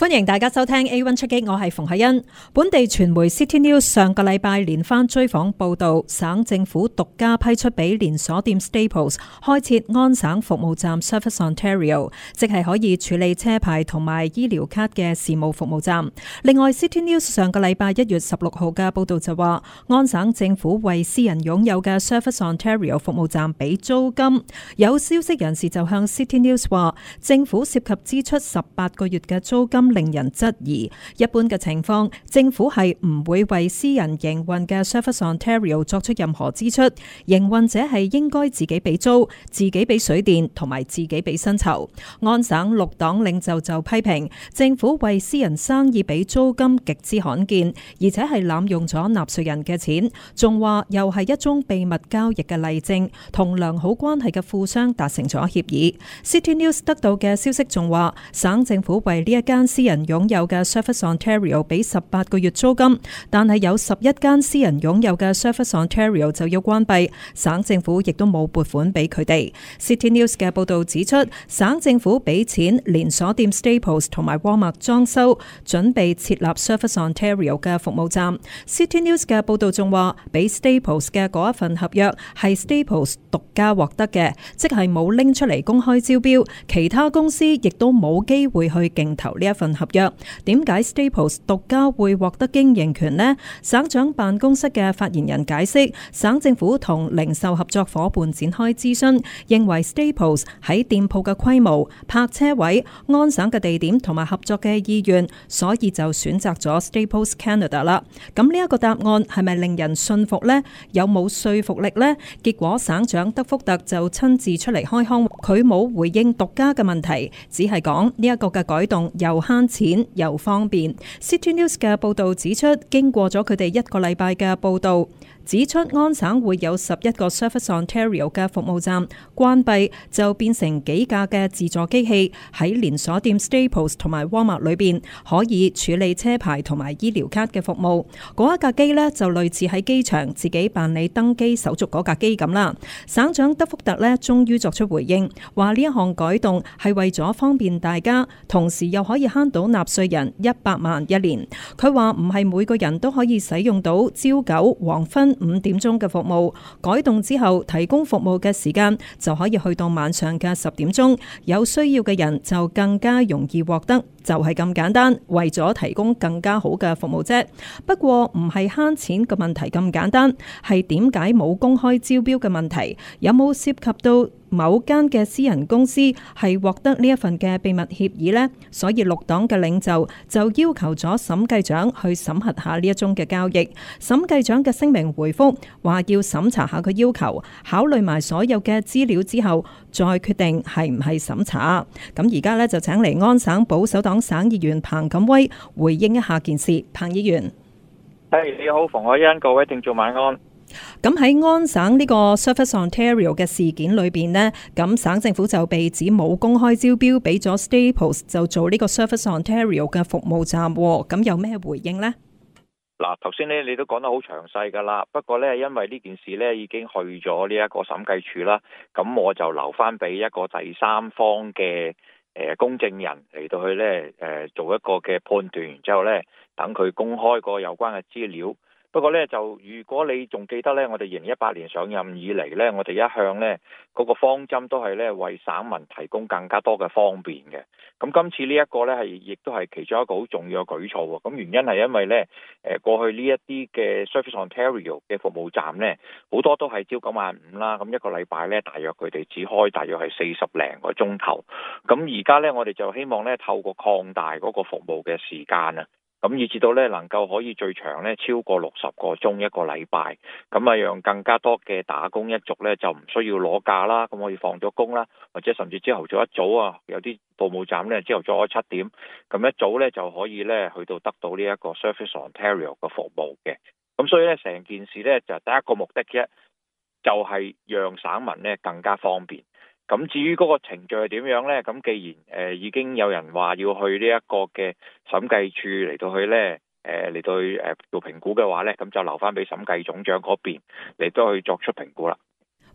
歡迎大家收聽 A One 出擊，我係馮啟欣。本地傳媒 City News 上個禮拜連番追訪報道，省政府獨家批出俾連鎖店 Staples 開設安省服務站 Service Ontario，即係可以處理車牌同埋醫療卡嘅事務服務站。另外，City News 上個禮拜一月十六號嘅報道就話，安省政府為私人擁有嘅 Service Ontario 服務站俾租金。有消息人士就向 City News 話，政府涉及支出十八個月嘅租金。令人質疑，一般嘅情況，政府係唔會為私人營運嘅 ServiceOntario 作出任何支出，營運者係應該自己俾租、自己俾水電同埋自己俾薪酬。安省綠黨領袖就批評，政府為私人生意俾租金極之罕見，而且係濫用咗納稅人嘅錢，仲話又係一宗秘密交易嘅例證，同良好關係嘅富商達成咗協議。City News 得到嘅消息仲話，省政府為呢一間。私人擁有嘅 Surface Ontario 俾十八個月租金，但係有十一間私人擁有嘅 Surface Ontario 就要關閉，省政府亦都冇撥款俾佢哋。City News 嘅報導指出，省政府俾錢連鎖店 Staples 同埋 w a 沃麥裝修，準備設立 Surface Ontario 嘅服務站。City News 嘅報導仲話，俾 Staples 嘅嗰一份合約係 Staples 獨家獲得嘅，即係冇拎出嚟公開招標，其他公司亦都冇機會去競投呢一份。合約，點解 Staples 獨家會獲得經營權呢？省長辦公室嘅發言人解釋，省政府同零售合作伙伴展開諮詢，認為 Staples 喺店鋪嘅規模、泊車位、安省嘅地點同埋合作嘅意願，所以就選擇咗 Staples Canada 啦。咁呢一個答案係咪令人信服呢？有冇說服力呢？結果省長德福特就親自出嚟開腔，佢冇回應獨家嘅問題，只係講呢一個嘅改動又慳。慳錢又方便。City News 嘅報道指出，經過咗佢哋一個禮拜嘅報道。指出安省會有十一個 Service Ontario 嘅服務站關閉，就變成幾架嘅自助機器喺連鎖店 Staples 同埋 Walmart 裏邊可以處理車牌同埋醫療卡嘅服務。嗰一架機呢，就類似喺機場自己辦理登機手續嗰架機咁啦。省長德福特呢，終於作出回應，話呢一項改動係為咗方便大家，同時又可以慳到納稅人一百萬一年。佢話唔係每個人都可以使用到朝九黃昏五點鐘嘅服務改動之後，提供服務嘅時間就可以去到晚上嘅十點鐘，有需要嘅人就更加容易獲得，就係咁簡單。為咗提供更加好嘅服務啫，不過唔係慳錢嘅問題咁簡單，係點解冇公開招標嘅問題，有冇涉及到？某間嘅私人公司係獲得呢一份嘅秘密協議呢，所以綠黨嘅領袖就要求咗審計長去審核下呢一宗嘅交易。審計長嘅聲明回覆話要審查下佢要求，考慮埋所有嘅資料之後再決定係唔係審查。咁而家呢，就請嚟安省保守黨省議員彭錦威回應一下件事。彭議員，係你好，馮海欣，各位聽眾晚安。咁喺安省呢個 Service Ontario 嘅事件裏邊呢，咁省政府就被指冇公開招標，俾咗 Staples 就做呢個 Service Ontario 嘅服務站，咁有咩回應呢？嗱，頭先呢你都講得好詳細噶啦，不過咧因為呢件事咧已經去咗呢一個審計署啦，咁我就留翻俾一個第三方嘅誒公證人嚟，到去咧誒做一個嘅判斷，然之後咧等佢公開個有關嘅資料。不過咧，就如果你仲記得咧，我哋二零一八年上任以嚟咧，我哋一向咧嗰、那個方針都係咧為省民提供更加多嘅方便嘅。咁今次呢一個咧係亦都係其中一個好重要嘅舉措喎。咁原因係因為咧誒過去呢一啲嘅 Service Ontario 嘅服務站咧，好多都係朝九晚五啦。咁一個禮拜咧，大約佢哋只開大約係四十零個鐘頭。咁而家咧，我哋就希望咧透過擴大嗰個服務嘅時間啊。咁以至到咧，能夠可以最長咧超過六十個鐘一個禮拜，咁啊，讓更加多嘅打工一族咧就唔需要攞假啦，咁可以放咗工啦，或者甚至朝頭早一早啊，有啲服務站咧朝頭早七點，咁一早咧就可以咧去到得到呢一個 Service Ontario 嘅服務嘅，咁所以咧成件事咧就第一個目的嘅，就係讓省民咧更加方便。咁至於嗰個程序係點樣咧？咁既然誒已經有人話要去呢一個嘅審計署嚟到去咧，誒嚟到去誒做評估嘅話咧，咁就留翻俾審計總長嗰邊嚟都去作出評估啦。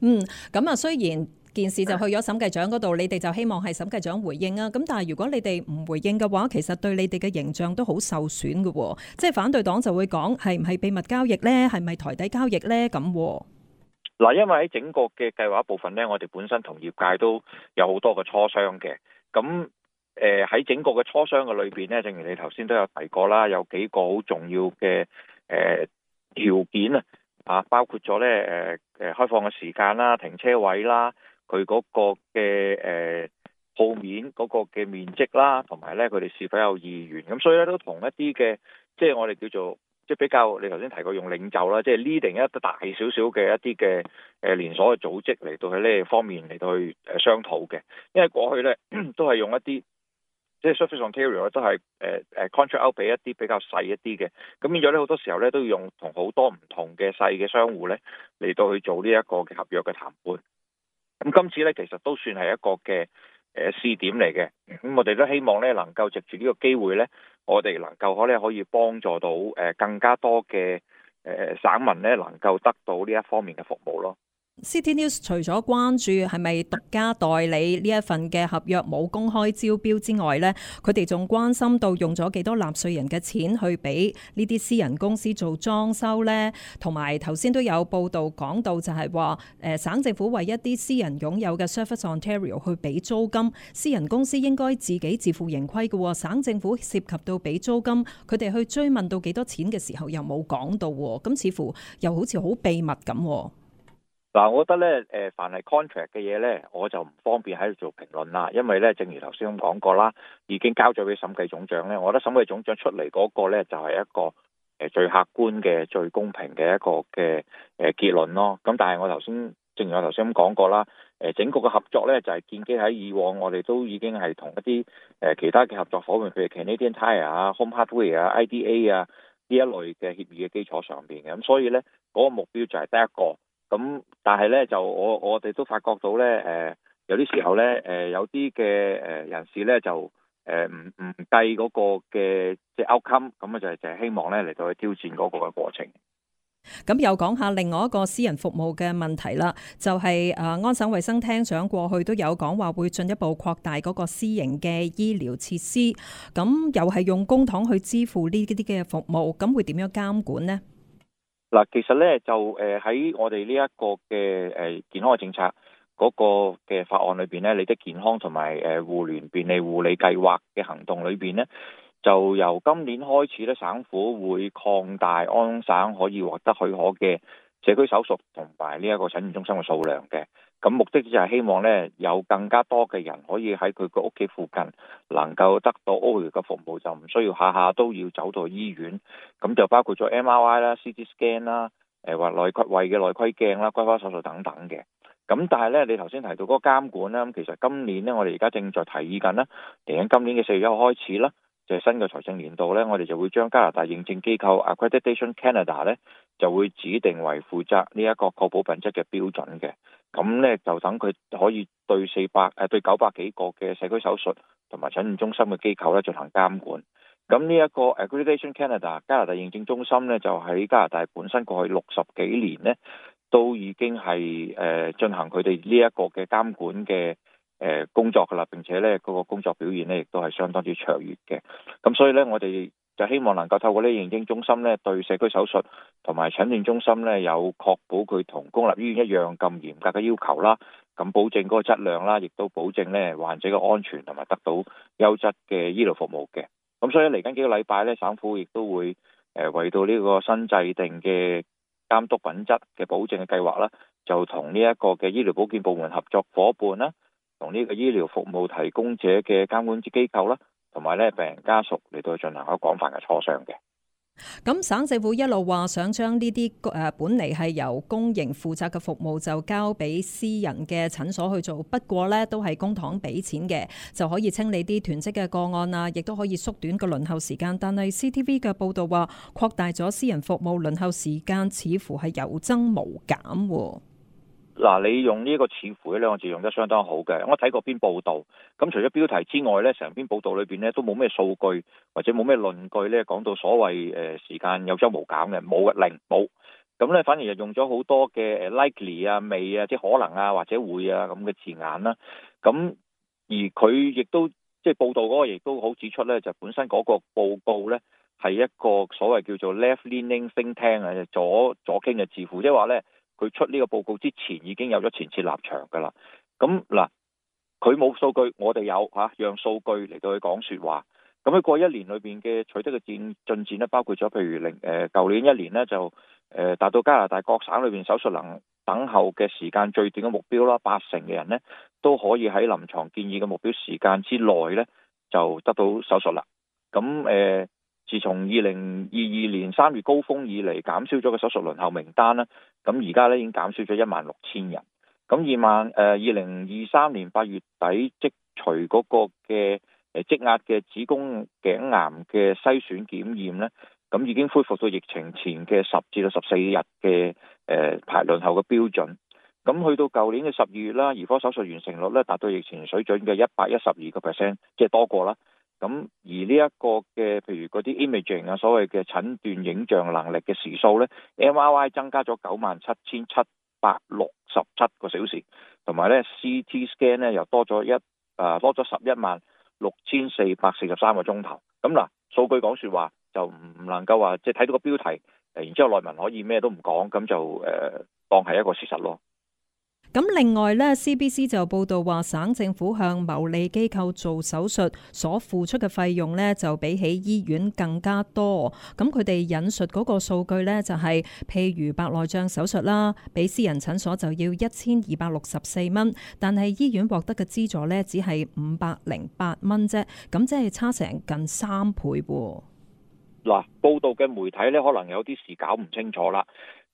嗯，咁啊，雖然件事就去咗審計長嗰度，你哋就希望係審計長回應啊。咁但係如果你哋唔回應嘅話，其實對你哋嘅形象都好受損嘅喎。即係反對黨就會講係唔係秘密交易咧？係咪台底交易咧？咁？嗱，因為喺整個嘅計劃部分咧，我哋本身同業界都有好多個磋商嘅。咁，誒、呃、喺整個嘅磋商嘅裏邊咧，正如你頭先都有提過啦，有幾個好重要嘅誒、呃、條件啊，啊，包括咗咧，誒，誒，開放嘅時間啦、停車位啦、佢嗰個嘅誒鋪面嗰、那個嘅面積啦，同埋咧佢哋是否有意願。咁所以咧都同一啲嘅，即係我哋叫做。即係比較你頭先提過用領袖啦，即係 leading 一啲大少少嘅一啲嘅誒連鎖嘅組織嚟到喺呢方面嚟到去誒商討嘅，因為過去咧都係用一啲即係 ServiceOntario 都係誒誒 contract out 俾一啲比較細一啲嘅，咁變咗咧好多時候咧都要用同好多唔同嘅細嘅商戶咧嚟到去做呢一個嘅合約嘅談判。咁今次咧其實都算係一個嘅誒、呃、試點嚟嘅，咁我哋都希望咧能夠藉住呢個機會咧。我哋能夠可咧可以幫助到誒更加多嘅誒省民咧，能夠得到呢一方面嘅服務咯。City News 除咗關注係咪獨家代理呢一份嘅合約冇公開招標之外呢，佢哋仲關心到用咗幾多納稅人嘅錢去俾呢啲私人公司做裝修呢，同埋頭先都有報道講到就係話誒，省政府為一啲私人擁有嘅 ServiceOntario 去俾租金，私人公司應該自己自負盈虧嘅，哦。省政府涉及到俾租金，佢哋去追問到幾多錢嘅時候又冇講到，哦，咁似乎又好似好秘密咁，哦。嗱、啊，我覺得咧，誒，凡係 contract 嘅嘢咧，我就唔方便喺度做評論啦，因為咧，正如頭先咁講過啦，已經交咗俾審計總長咧。我覺得審計總長出嚟嗰個咧，就係、是、一個誒最客觀嘅、最公平嘅一個嘅誒結論咯。咁但係我頭先正如我頭先咁講過啦，誒，整個嘅合作咧，就係、是、建基喺以往我哋都已經係同一啲誒其他嘅合作伙伴，譬如 Canadian Tire 啊、Home Hardware 啊、IDA 啊呢一類嘅協議嘅基礎上邊嘅。咁所以咧，嗰、那個目標就係得一個。咁但係咧就我我哋都發覺到咧，誒有啲時候咧，誒有啲嘅誒人士咧就誒唔唔計嗰個嘅即係 outcome，咁啊就係就係希望咧嚟到去挑戰嗰個嘅過程。咁又講下另外一個私人服務嘅問題啦，就係誒安省衛生廳長過去都有講話會進一步擴大嗰個私營嘅醫療設施，咁又係用公帑去支付呢啲嘅服務，咁會點樣監管呢？嗱，其實咧就誒喺我哋呢一個嘅誒健康嘅政策嗰個嘅法案裏邊咧，你的健康同埋誒互聯便利護理計劃嘅行動裏邊咧，就由今年開始咧，省府會擴大安省可以獲得許可嘅社區手術同埋呢一個診斷中心嘅數量嘅。咁目的就係希望咧，有更加多嘅人可以喺佢個屋企附近能夠得到歐陽嘅服務，就唔需要下下都要走到醫院。咁就包括咗 M R I 啦、C T scan 啦、誒或內窺胃嘅內窺鏡啦、規劃手術等等嘅。咁但係咧，你頭先提到嗰個監管啦，咁其實今年咧，我哋而家正在提議緊啦，嚟緊今年嘅四月一號開始啦，就係新嘅財政年度咧，我哋就會將加拿大認證機構 Accreditation Canada 咧，就會指定為負責呢一個確保品質嘅標準嘅。咁咧就等佢可以對四百誒，對九百幾個嘅社區手術同埋診院中心嘅機構咧進行監管。咁呢一個 Accreditation Canada 加拿大認證中心咧，就喺加拿大本身過去六十幾年咧都已經係誒進行佢哋呢一個嘅監管嘅誒、呃、工作㗎啦，並且咧嗰個工作表現咧亦都係相當之卓越嘅。咁所以咧我哋就希望能夠透過呢啲認證中心咧，對社區手術同埋診斷中心咧，有確保佢同公立醫院一樣咁嚴格嘅要求啦，咁保證嗰個質量啦，亦都保證咧患者嘅安全同埋得到優質嘅醫療服務嘅。咁所以嚟緊幾個禮拜咧，省府亦都會誒、呃、為到呢個新制定嘅監督品質嘅保證嘅計劃啦，就同呢一個嘅醫療保健部門合作伙伴啦，同呢個醫療服務提供者嘅監管機構啦。同埋咧，病人家屬嚟到進行一個廣泛嘅磋商嘅。咁省政府一路話想將呢啲誒本嚟係由公營負責嘅服務就交俾私人嘅診所去做，不過呢都係公帑俾錢嘅，就可以清理啲囤積嘅個案啊，亦都可以縮短個輪候時間。但係 C T V 嘅報導話擴大咗私人服務輪候時間，似乎係有增無減。嗱，你用呢個似乎呢兩個字用得相當好嘅，我睇過篇報道。咁除咗標題之外咧，成篇報道裏邊咧都冇咩數據或者冇咩論據咧，講到所謂誒時間有增無減嘅，冇嘅零冇。咁咧反而就用咗好多嘅誒 likely 啊、未啊、即係可能啊或者會啊咁嘅字眼啦。咁而佢亦都即係報道嗰個亦都好指出咧，就本身嗰個報告咧係一個所謂叫做 left leaning think tank 啊，左左傾嘅字符，即係話咧。佢出呢個報告之前已經有咗前設立場㗎啦。咁嗱，佢冇數據，我哋有嚇，讓、啊、數據嚟到去講説話。咁喺過一年裏邊嘅取得嘅進進展咧，包括咗譬如零誒，舊年、呃、一年咧就誒、呃、達到加拿大各省裏邊手術能等候嘅時間最短嘅目標啦，八成嘅人咧都可以喺臨床建議嘅目標時間之內咧就得到手術啦。咁誒、呃，自從二零二二年三月高峰以嚟，減少咗嘅手術輪候名單啦。咁而家咧已經減少咗一萬六千人，咁二萬誒二零二三年八月底積除嗰個嘅誒積壓嘅子宮頸癌嘅篩選檢驗咧，咁已經恢復到疫情前嘅十至到十四日嘅誒排輪候嘅標準。咁去到舊年嘅十二月啦，兒科手術完成率咧達到疫情水準嘅一百一十二個 percent，即係多過啦。咁而呢一個嘅，譬如嗰啲 imaging 啊，所謂嘅診斷影像能力嘅時數咧，MRI 增加咗九萬七千七百六十七個小時，同埋咧 CT scan 咧又多咗一，誒、呃、多咗十一萬六千四百四十三個鐘頭。咁嗱，數據講説話就唔能夠話即係睇到個標題，然之後內文可以咩都唔講，咁就誒、呃、當係一個事實咯。咁另外呢 CBC 就報道話，省政府向牟利機構做手術所付出嘅費用呢，就比起醫院更加多。咁佢哋引述嗰個數據咧、就是，就係譬如白內障手術啦，比私人診所就要一千二百六十四蚊，但係醫院獲得嘅資助呢，只係五百零八蚊啫。咁即係差成近三倍喎。嗱，報道嘅媒體呢，可能有啲事搞唔清楚啦。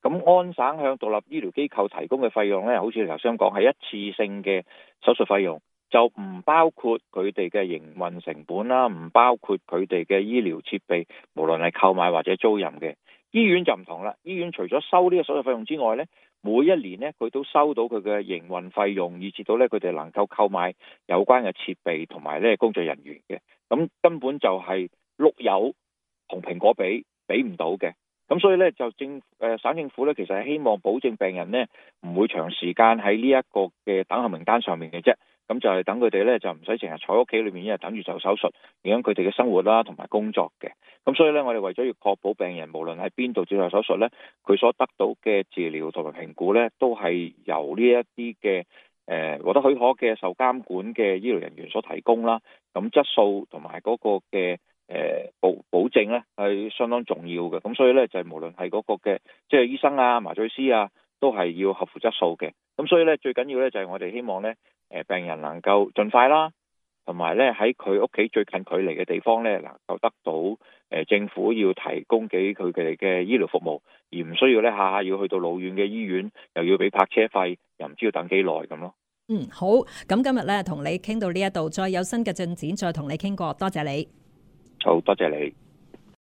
咁安省向獨立醫療機構提供嘅費用咧，好似你頭先講，係一次性嘅手術費用，就唔包括佢哋嘅營運成本啦，唔包括佢哋嘅醫療設備，無論係購買或者租賃嘅。醫院就唔同啦，醫院除咗收呢個手術費用之外咧，每一年咧佢都收到佢嘅營運費用，以至到咧佢哋能夠購買有關嘅設備同埋咧工作人員嘅。咁根本就係碌柚同蘋果比，比唔到嘅。咁所以咧，就政誒省政府咧，其實係希望保證病人咧唔會長時間喺呢一個嘅等候名單上面嘅啫。咁就係等佢哋咧，就唔使成日坐喺屋企裏面，一日等住做手術，影響佢哋嘅生活啦，同埋工作嘅。咁所以咧，我哋為咗要確保病人無論喺邊度接受手術咧，佢所得到嘅治療同埋評估咧，都係由呢一啲嘅誒獲得許可嘅受監管嘅醫療人員所提供啦。咁質素同埋嗰個嘅。誒，保保證咧係相當重要嘅，咁所以咧就係無論係嗰個嘅，即係醫生啊、麻醉師啊，都係要合乎質素嘅。咁所以咧最緊要咧就係我哋希望咧，誒病人能夠盡快啦，同埋咧喺佢屋企最近距離嘅地方咧，能夠得到誒政府要提供俾佢哋嘅醫療服務，而唔需要咧下下要去到老遠嘅醫院，又要俾泊車費，又唔知要等幾耐咁咯。嗯，好，咁今日咧同你傾到呢一度，再有新嘅進展再同你傾過，多謝你。好多謝你。